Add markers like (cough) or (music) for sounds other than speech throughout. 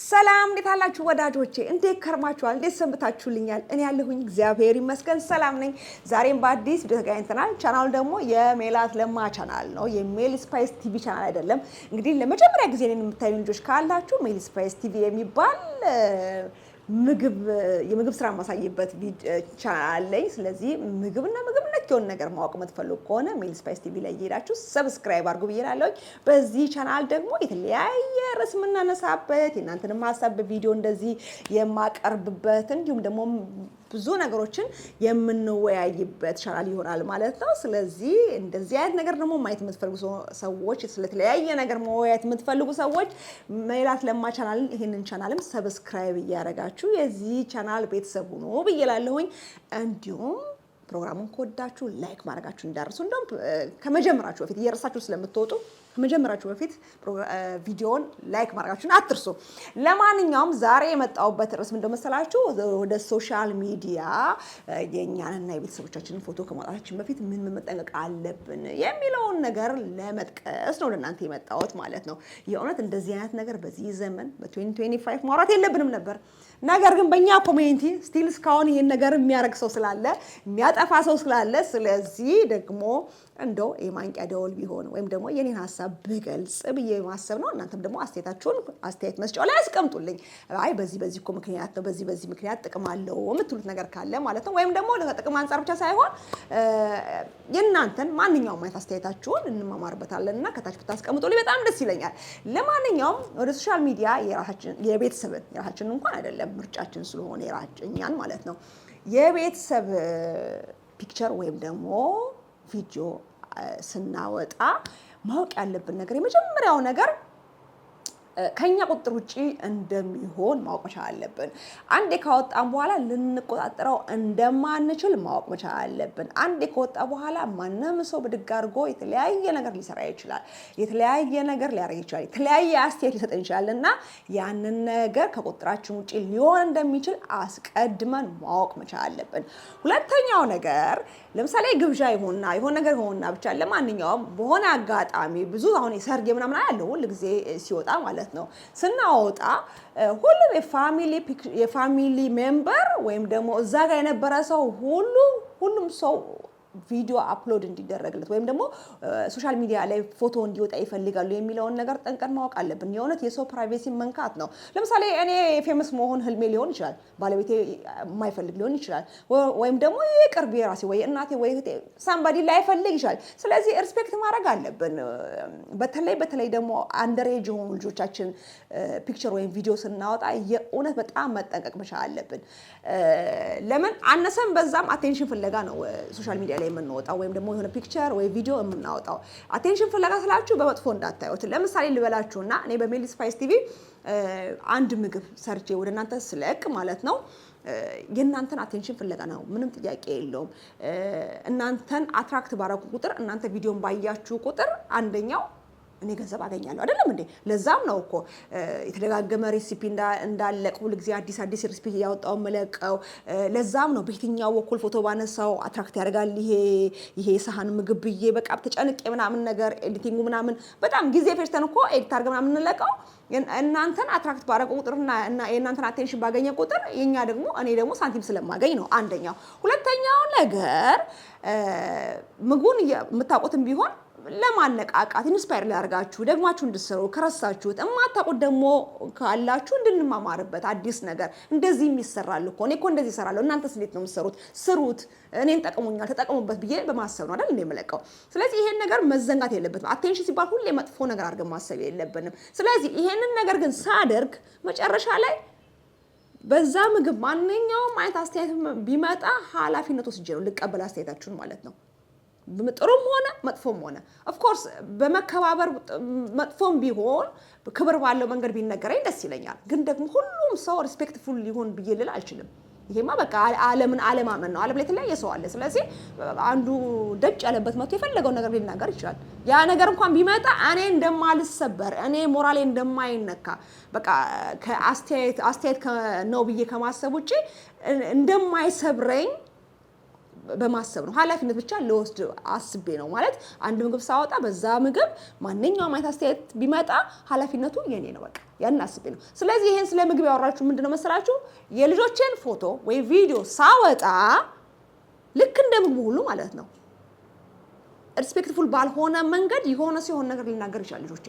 ሰላም እንዴት አላችሁ ወዳጆቼ? እንዴት ከርማችኋል? እንዴት ሰንብታችሁልኛል? እኔ ያለሁኝ እግዚአብሔር ይመስገን ሰላም ነኝ። ዛሬም በአዲስ ቪዲዮ ተገናኝተናል። ቻናሉ ደግሞ የሜላት ለማ ቻናል ነው፣ የሜል ስፓይስ ቲቪ ቻናል አይደለም። እንግዲህ ለመጀመሪያ ጊዜ እኔን የምታዩ ልጆች ካላችሁ ሜል ስፓይስ ቲቪ የሚባል ምግብ የምግብ ስራ የማሳይበት ቻናል አለኝ። ስለዚህ ምግብና ምግብ የሆነ ነገር ማወቅ የምትፈልጉ ከሆነ ሚል ስፓይስ ቲቪ ላይ እየሄዳችሁ ሰብስክራይብ አድርጉ ብዬ በዚህ ቻናል ደግሞ የተለያየ ርዕስ የምናነሳበት የእናንተንም ሀሳብ በቪዲዮ እንደዚህ የማቀርብበት እንዲሁም ደግሞ ብዙ ነገሮችን የምንወያይበት ቻናል ይሆናል ማለት ነው። ስለዚህ እንደዚህ አይነት ነገር ደግሞ ማየት የምትፈልጉ ሰዎች፣ ስለተለያየ ነገር መወያየት የምትፈልጉ ሰዎች ሜላት ለማ ቻናል ይህንን ቻናልም ሰብስክራይብ እያደረጋችሁ የዚህ ቻናል ቤተሰብ ሁኑ ብዬ እንዲሁም ፕሮግራሙን ከወዳችሁ ላይክ ማድረጋችሁ እንዳርሱ። እንደውም ከመጀመራችሁ በፊት እየረሳችሁ ስለምትወጡ ከመጀመራችሁ በፊት ቪዲዮውን ላይክ ማድረጋችሁን አትርሱ። ለማንኛውም ዛሬ የመጣሁበት ርዕስ ምንድን መሰላችሁ? ወደ ሶሻል ሚዲያ የእኛንና የቤተሰቦቻችንን ፎቶ ከማውጣታችን በፊት ምን መጠንቀቅ አለብን የሚለውን ነገር ለመጥቀስ ነው ለእናንተ የመጣሁት ማለት ነው። የእውነት እንደዚህ አይነት ነገር በዚህ ዘመን በ2025 ማውራት የለብንም ነበር ነገር ግን በእኛ ኮሚኒቲ ስቲል እስካሁን ይህን ነገር የሚያደርግ ሰው ስላለ የሚያጠፋ ሰው ስላለ፣ ስለዚህ ደግሞ እንዶ የማንቂያ ደወል ቢሆን ወይም ደግሞ የኔን ሀሳብ ብገልጽ ብዬ ማሰብ ነው። እናንተም ደግሞ አስተያየታችሁን አስተያየት መስጫው ላይ አስቀምጡልኝ። አይ በዚህ በዚህ እኮ ምክንያት ነው፣ በዚህ በዚህ ምክንያት ጥቅም አለው የምትሉት ነገር ካለ ማለት ነው። ወይም ደግሞ ከጥቅም አንጻር ብቻ ሳይሆን የእናንተን ማንኛውም አይነት አስተያየታችሁን እንማማርበታለን እና ከታች ብታስቀምጡልኝ በጣም ደስ ይለኛል። ለማንኛውም ወደ ሶሻል ሚዲያ የራሳችን የቤተሰብን የራሳችን እንኳን አይደለም ምርጫችን ስለሆነ የራጨኛን ማለት ነው። የቤተሰብ ፒክቸር ወይም ደግሞ ቪዲዮ ስናወጣ ማወቅ ያለብን ነገር የመጀመሪያው ነገር ከኛ ቁጥር ውጭ እንደሚሆን ማወቅ መቻል አለብን። አንዴ ካወጣን በኋላ ልንቆጣጠረው እንደማንችል ማወቅ መቻል አለብን። አንዴ ከወጣ በኋላ ማንም ሰው ብድግ አድርጎ የተለያየ ነገር ሊሰራ ይችላል፣ የተለያየ ነገር ሊያደርግ ይችላል፣ የተለያየ አስተያየት ሊሰጥ ይችላል እና ያንን ነገር ከቁጥራችን ውጭ ሊሆን እንደሚችል አስቀድመን ማወቅ መቻል አለብን። ሁለተኛው ነገር ለምሳሌ ግብዣ ይሆንና የሆነ ነገር ይሆንና ብቻ ለማንኛውም በሆነ አጋጣሚ ብዙ አሁን የሰርግ ምናምን አያለው ሁል ጊዜ ሲወጣ ማለት ነው። ስናወጣ ሁሉም የፋሚሊ ሜምበር ወይም ደግሞ እዛ ጋር የነበረ ሰው ሁሉ ሁሉም ሰው ቪዲዮ አፕሎድ እንዲደረግለት ወይም ደግሞ ሶሻል ሚዲያ ላይ ፎቶ እንዲወጣ ይፈልጋሉ የሚለውን ነገር ጠንቀን ማወቅ አለብን። የእውነት የሰው ፕራይቬሲ መንካት ነው። ለምሳሌ እኔ ፌመስ መሆን ህልሜ ሊሆን ይችላል፣ ባለቤቴ የማይፈልግ ሊሆን ይችላል፣ ወይም ደግሞ የቅርብ የራሴ ወይ እናቴ ወይ እህቴ ሳምባዲ ላይፈልግ ይችላል። ስለዚህ ሪስፔክት ማድረግ አለብን። በተለይ በተለይ ደግሞ አንደሬጅ የሆኑ ልጆቻችን ፒክቸር ወይም ቪዲዮ ስናወጣ የእውነት በጣም መጠንቀቅ መቻል አለብን። ለምን አነሰም በዛም አቴንሽን ፍለጋ ነው ሶሻል ሚዲያ ላይ የምንወጣው ወይም ደግሞ የሆነ ፒክቸር ወይ ቪዲዮ የምናወጣው። አቴንሽን ፍለጋ ስላችሁ በመጥፎ እንዳታዩት። ለምሳሌ ልበላችሁና እኔ በሜሊ ስፓይስ ቲቪ አንድ ምግብ ሰርቼ ወደ እናንተ ስለቅ ማለት ነው የእናንተን አቴንሽን ፍለጋ ነው። ምንም ጥያቄ የለውም። እናንተን አትራክት ባረኩ ቁጥር እናንተ ቪዲዮን ባያችሁ ቁጥር አንደኛው እኔ ገንዘብ አገኛለሁ አይደለም እንዴ? ለዛም ነው እኮ የተደጋገመ ሬሲፒ እንዳለቅ ሁል ጊዜ አዲስ አዲስ ሬሲፒ እያወጣው መለቀው። ለዛም ነው በየትኛው በኩል ፎቶ ባነሳው አትራክት ያደርጋል ይሄ ይሄ ሳህን ምግብ ብዬ በቃ ተጨንቄ ምናምን ነገር ኤዲቲንጉ ምናምን በጣም ጊዜ ፌርተን እኮ ኤዲት አድርገን ምናምን እንለቀው። እናንተን አትራክት ባረቁ ቁጥር የእናንተን አቴንሽን ባገኘ ቁጥር የኛ ደግሞ እኔ ደግሞ ሳንቲም ስለማገኝ ነው አንደኛው። ሁለተኛው ነገር ምግቡን የምታውቁትም ቢሆን ለማነቃቃት ኢንስፓየር ሊያደርጋችሁ ደግማችሁ እንድትሰሩ ከረሳችሁት እማታውቁት ደግሞ ካላችሁ እንድንማማርበት አዲስ ነገር እንደዚህም ይሰራል እኮ እኔ እኮ እንደዚህ እሰራለሁ እናንተስ እንዴት ነው የምትሰሩት? ስሩት፣ እኔን ጠቅሙኛል፣ ተጠቅሙበት ብዬ በማሰብ ነው አይደል እንደ የምለቀው። ስለዚህ ይሄን ነገር መዘንጋት የለበትም። አቴንሽን ሲባል ሁሌ መጥፎ ነገር አድርገን ማሰብ የለብንም። ስለዚህ ይሄንን ነገር ግን ሳደርግ መጨረሻ ላይ በዛ ምግብ ማንኛውም አይነት አስተያየት ቢመጣ ኃላፊነት ወስጄ ነው ልቀበል አስተያየታችሁን ማለት ነው። ጥሩም ሆነ መጥፎም ሆነ ኦፍኮርስ በመከባበር መጥፎም ቢሆን ክብር ባለው መንገድ ቢነገረኝ ደስ ይለኛል። ግን ደግሞ ሁሉም ሰው ሪስፔክትፉል ሊሆን ብዬ ልል አልችልም። ይሄማ በቃ ዓለምን አለማመን ነው። ዓለም ላይ የተለያየ ሰው አለ። ስለዚህ አንዱ ደጭ ያለበት መጥቶ የፈለገውን ነገር ሊናገር ይችላል። ያ ነገር እንኳን ቢመጣ እኔ እንደማልሰበር፣ እኔ ሞራሌ እንደማይነካ በቃ ከአስተያየት አስተያየት ነው ብዬ ከማሰብ ውጭ እንደማይሰብረኝ በማሰብ ነው። ኃላፊነት ብቻ ለወስድ አስቤ ነው ማለት አንድ ምግብ ሳወጣ በዛ ምግብ ማንኛውም አይነት አስተያየት ቢመጣ ኃላፊነቱ የኔ ነው። በቃ ያን አስቤ ነው። ስለዚህ ይሄን ስለ ምግብ ያወራችሁ ምንድን ነው መሰላችሁ የልጆቼን ፎቶ ወይ ቪዲዮ ሳወጣ ልክ እንደ ምግቡ ሁሉ ማለት ነው ሪስፔክትፉል ባልሆነ መንገድ የሆነ ሲሆን ነገር ልናገር ይችላል ልጆቼ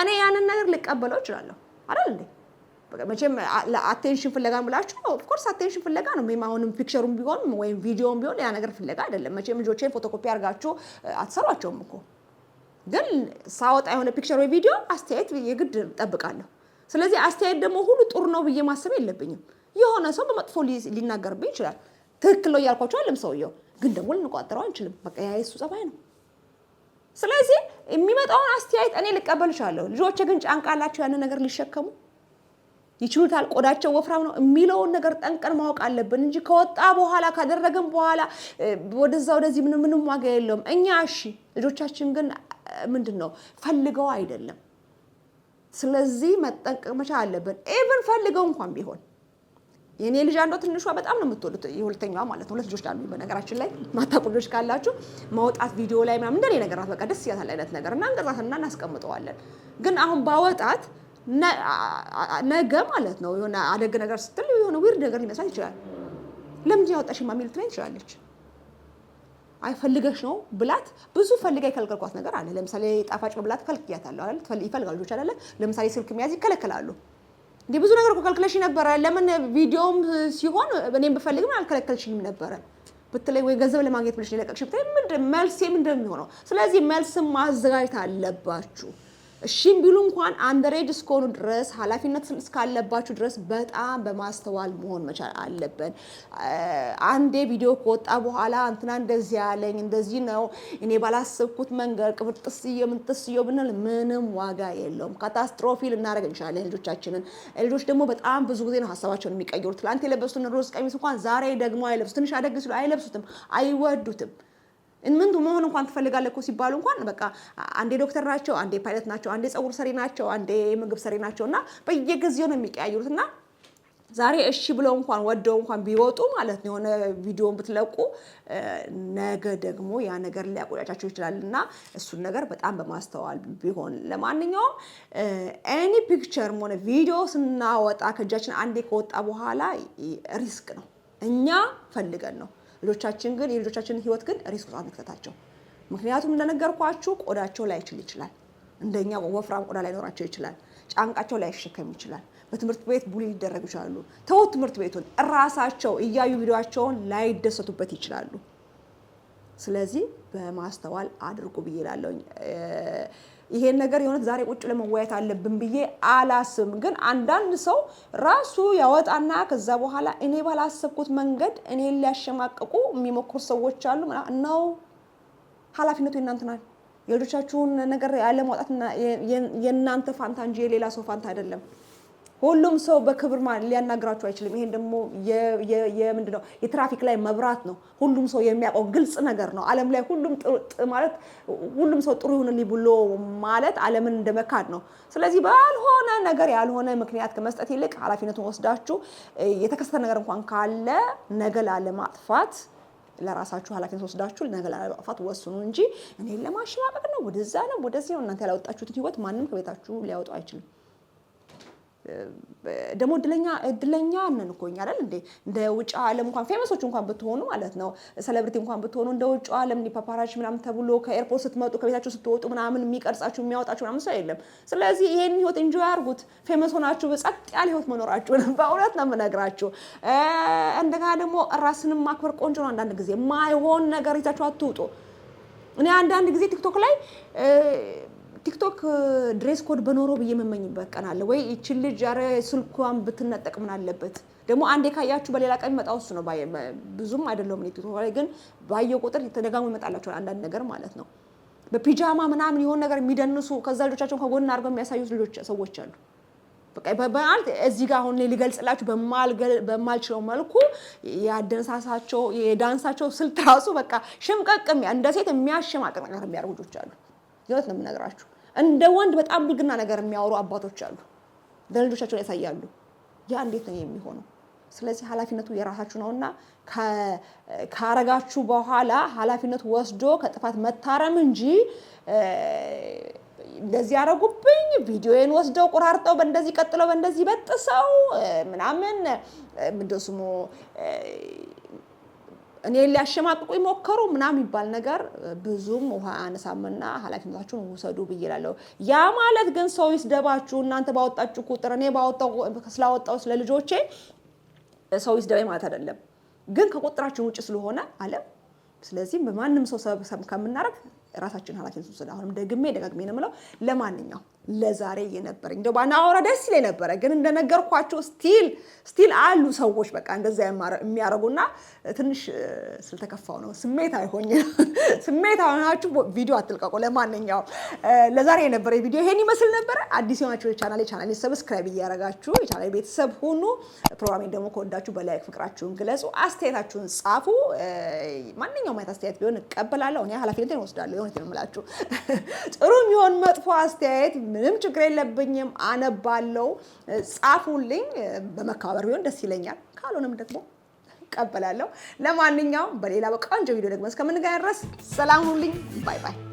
እኔ ያንን ነገር ልቀበለው እችላለሁ አይደል እንዴ መቼም አቴንሽን ፍለጋ ብላችሁ ኦፍኮርስ አቴንሽን ፍለጋ ነው። ም አሁንም ፒክቸሩም ቢሆን ወይም ቪዲዮም ቢሆን ያ ነገር ፍለጋ አይደለም። መቼም ልጆቼን ፎቶኮፒ አድርጋችሁ አትሰሯቸውም እኮ ግን ሳወጣ የሆነ ፒክቸር ወይ ቪዲዮ አስተያየት የግድ ጠብቃለሁ። ስለዚህ አስተያየት ደግሞ ሁሉ ጥሩ ነው ብዬ ማሰብ የለብኝም። የሆነ ሰው በመጥፎ ሊናገርብኝ ይችላል። ትክክል ነው እያልኳቸው አለም ሰውየው ግን ደግሞ ልንቋጠረው አንችልም። በቃ ያ የሱ ጸባይ ነው። ስለዚህ የሚመጣውን አስተያየት እኔ ልቀበል እችላለሁ። ልጆቼ ግን ጫንቃላቸው ያንን ነገር ሊሸከሙ ይችሉታል፣ ቆዳቸው ወፍራም ነው የሚለውን ነገር ጠንቀን ማወቅ አለብን እንጂ ከወጣ በኋላ ካደረግን በኋላ ወደዛ ወደዚህ ምንም ምንም ዋጋ የለውም። እኛ እሺ፣ ልጆቻችን ግን ምንድን ነው ፈልገው አይደለም። ስለዚህ መጠንቀቅ መቻል አለብን። ኢቭን ፈልገው እንኳን ቢሆን የእኔ ልጅ አንዷ ትንሿ በጣም ነው የምትወዱት፣ የሁለተኛዋ ማለት ነው። ሁለት ልጆች አሉ። በነገራችን ላይ ማታቁ ልጆች ካላችሁ መውጣት ቪዲዮ ላይ ምናምን እንደኔ ነገራት በቃ ደስ ያታል አይነት ነገር እና እንገዛትና እናስቀምጠዋለን። ግን አሁን ባወጣት ነገ ማለት ነው የሆነ አደግ ነገር ስትል የሆነ ዊርድ ነገር ሊመስላት ይችላል። ለምንድን ያወጣሽ የማሚል ትለኝ ትችላለች። አይፈልገሽ ነው ብላት ብዙ ፈልጋ የከልከልኳት ነገር አለ። ለምሳሌ ጣፋጭ ብላት ከልክያታለሁ አይደል? ይፈልጋሉ ልጆች አለ። ለምሳሌ ስልክ መያዝ ይከለከላሉ። እንዲህ ብዙ ነገር ከልክለሽ ነበረ። ለምን ቪዲዮም ሲሆን እኔም ብፈልግም አልከለከልሽኝም ነበረ ብትለኝ ወይ ገንዘብ ለማግኘት ብለሽ የለቀቅሽ ብትለኝ መልሴ ምንድን ነው የሚሆነው? ስለዚህ መልስም ማዘጋጀት አለባችሁ። እሺም ቢሉ እንኳን አንደሬጅ እስከሆኑ ድረስ ኃላፊነት እስካለባችሁ ድረስ በጣም በማስተዋል መሆን መቻል አለብን። አንዴ ቪዲዮ ከወጣ በኋላ እንትና እንደዚህ ያለኝ እንደዚህ ነው እኔ ባላሰብኩት መንገድ ቅብር ጥስዮ ምን ጥስዮ ብንል ምንም ዋጋ የለውም። ካታስትሮፊ ልናደርግ እንችላለን ልጆቻችንን። ልጆች ደግሞ በጣም ብዙ ጊዜ ነው ሀሳባቸውን የሚቀይሩት። ትላንት የለበሱትን ሮዝ ቀሚስ እንኳን ዛሬ ደግሞ አይለብሱ ትንሽ አደግ ሲሉ አይለብሱትም፣ አይወዱትም። ምን መሆን እንኳን ትፈልጋለህ እኮ ሲባሉ እንኳን በቃ አንዴ ዶክተር ናቸው፣ አንዴ ፓይለት ናቸው፣ አንዴ ጸጉር ሰሪ ናቸው፣ አንዴ ምግብ ሰሪ ናቸው እና በየጊዜው ነው የሚቀያየሩት እና ዛሬ እሺ ብለው እንኳን ወደው እንኳን ቢወጡ ማለት ነው የሆነ ቪዲዮን ብትለቁ ነገ ደግሞ ያ ነገር ሊያቆጫቻቸው ይችላል እና እሱን ነገር በጣም በማስተዋል ቢሆን። ለማንኛውም ኤኒ ፒክቸርም ሆነ ቪዲዮ ስናወጣ ከእጃችን አንዴ ከወጣ በኋላ ሪስክ ነው፣ እኛ ፈልገን ነው ልጆቻችን ግን የልጆቻችንን ህይወት ግን ሪስክ ውስጥ አንክተታቸው። ምክንያቱም እንደነገርኳችሁ ቆዳቸው ላይችል ይችላል። እንደኛ ወፍራም ቆዳ ላይኖራቸው ይችላል። ጫንቃቸው ላይሸከም ይችላል። በትምህርት ቤት ቡሊ ሊደረጉ ይችላሉ። ተውት ትምህርት ቤቱን፣ እራሳቸው እያዩ ቪዲዮቸውን ላይደሰቱበት ይችላሉ። ስለዚህ በማስተዋል አድርጉ ብዬ እላለሁ። ይሄን ነገር የሆነት ዛሬ ቁጭ ለመወያየት አለብን ብዬ አላስብም። ግን አንዳንድ ሰው ራሱ ያወጣና ከዛ በኋላ እኔ ባላሰብኩት መንገድ እኔ ሊያሸማቅቁ የሚሞክሩ ሰዎች አሉ። እናው ኃላፊነቱ የእናንተ ናል። የልጆቻችሁን ነገር ያለማውጣት የእናንተ ፋንታ እንጂ የሌላ ሰው ፋንታ አይደለም። ሁሉም ሰው በክብር ሊያናግራቸው አይችልም። ይሄን ደግሞ የምንድን ነው የትራፊክ ላይ መብራት ነው። ሁሉም ሰው የሚያውቀው ግልጽ ነገር ነው። ዓለም ላይ ሁሉም ማለት ሁሉም ሰው ጥሩ ይሁንልኝ ብሎ ማለት ዓለምን እንደ መካድ ነው። ስለዚህ ባልሆነ ነገር ያልሆነ ምክንያት ከመስጠት ይልቅ ኃላፊነቱን ወስዳችሁ የተከሰተ ነገር እንኳን ካለ ነገ ላለማጥፋት ለራሳችሁ ኃላፊነት ወስዳችሁ ነገ ላለማጥፋት ወስኑ እንጂ እኔን ለማሸማቀቅ ነው፣ ወደዛ ነው፣ ወደዚህ ነው። እናንተ ያላወጣችሁትን ህይወት ማንም ከቤታችሁ ሊያወጡ አይችልም። ደግሞ እድለኛ እድለኛ ነን እኮ እኛ አይደል እንዴ? እንደ ውጭ ዓለም እንኳን ፌመሶች እንኳን ብትሆኑ ማለት ነው ሴሌብሪቲ እንኳን ብትሆኑ እንደ ውጭ ዓለም እንዲ ፓፓራች ምናምን ተብሎ ከኤርፖርት ስትመጡ ከቤታችሁ ስትወጡ ምናምን የሚቀርጻችሁ የሚያወጣችሁ ምናምን ሰው የለም። ስለዚህ ይሄን ህይወት እንጆ ያርጉት። ፌመስ ሆናችሁ በጸጥ ያለ ህይወት መኖራችሁ (laughs) በእውነት ነው የምነግራችሁ። እንደገና ደግሞ ራስንም ማክበር ቆንጆ ነው። አንዳንድ ጊዜ ማይሆን ነገር ይዛችሁ አትውጡ። እኔ አንዳንድ ጊዜ ቲክቶክ ላይ ቲክቶክ ድሬስ ኮድ በኖሮ ብዬ የምመኝበት ቀን አለ ወይ? ይችን ልጅ ኧረ ስልኳን ብትነጠቅ ምን አለበት? ደግሞ አንዴ ካያችሁ በሌላ ቀን የሚመጣው እሱ ነው። ብዙም አይደለሁም እኔ ቲክቶክ ላይ ግን ባየው ቁጥር ተደጋግሞ ይመጣላቸዋል አንዳንድ ነገር ማለት ነው። በፒጃማ ምናምን የሆን ነገር የሚደንሱ ከዛ ልጆቻቸውን ከጎን አድርገው የሚያሳዩት ልጆች ሰዎች አሉ። በአንድ እዚህ ጋር አሁን ሊገልጽላችሁ በማልችለው መልኩ የአደንሳሳቸው የዳንሳቸው ስልት ራሱ በቃ ሽምቀቅ እንደ ሴት የሚያሸማቅቅ ነገር የሚያደርጉ ልጆች አሉ። ይወት ነው የምነግራችሁ። እንደ ወንድ በጣም ብልግና ነገር የሚያወሩ አባቶች አሉ፣ ለልጆቻቸው ያሳያሉ። ያ እንዴት ነው የሚሆነው? ስለዚህ ኃላፊነቱ የራሳችሁ ነውና ካረጋችሁ በኋላ ኃላፊነቱ ወስዶ ከጥፋት መታረም እንጂ እንደዚህ ያደረጉብኝ ቪዲዮዬን ወስደው ቁራርጠው በእንደዚህ ቀጥለው በእንደዚህ በጥሰው ምናምን ምንድን ስሙ እኔ ሊያሸማቅቁ ሞከሩ ምናምን የሚባል ነገር ብዙም ውሃ አነሳምና ኃላፊነታችሁን ውሰዱ ብይላለሁ። ያ ማለት ግን ሰው ይስደባችሁ እናንተ ባወጣችሁ ቁጥር እኔ ስላወጣው ስለ ልጆቼ ሰው ይስደባኝ ማለት አይደለም፣ ግን ከቁጥራችን ውጭ ስለሆነ አለም። ስለዚህ በማንም ሰው ሰበብ ከምናደርግ ራሳችን ኃላፊነት ውሰድ። አሁንም ደግሜ ደጋግሜ ነው የምለው ለማንኛው ለዛሬ እየነበረኝ እንደ ባና አውራ ደስ ይለኝ ነበረ፣ ግን እንደነገርኳቸው ስቲል ስቲል አሉ ሰዎች በቃ እንደዛ የሚያደርጉና ትንሽ ስለተከፋው ነው። ስሜት አይሆኝ (laughs) ስሜት አይሆናችሁ ቪዲዮ አትልቀቁ። ለማንኛውም ለዛሬ የነበረ ቪዲዮ ይሄን ይመስል ነበረ። አዲስ የሆናችሁ የቻናሌ የቻናል ሰብስክራይብ እያደረጋችሁ የቻናል ቤተሰብ ሁኑ። ፕሮግራሜን ደግሞ ከወዳችሁ በላይክ ፍቅራችሁን ግለጹ፣ አስተያየታችሁን ጻፉ። ማንኛውም አይነት አስተያየት ቢሆን እቀበላለሁ። እኔ ወስዳለሁ። እወስዳለሁ። የሆነ የምላችሁ (laughs) ጥሩ የሚሆን መጥፎ አስተያየት ምንም ችግር የለብኝም፣ አነባለው፣ ጻፉልኝ። በመከባበር ቢሆን ደስ ይለኛል። ካልሆነም ደግሞ እቀበላለሁ። ለማንኛውም በሌላ በቆንጆ ቪዲዮ ደግሞ እስከምንገናኝ ድረስ ሰላም ሁኑልኝ። ባይ ባይ።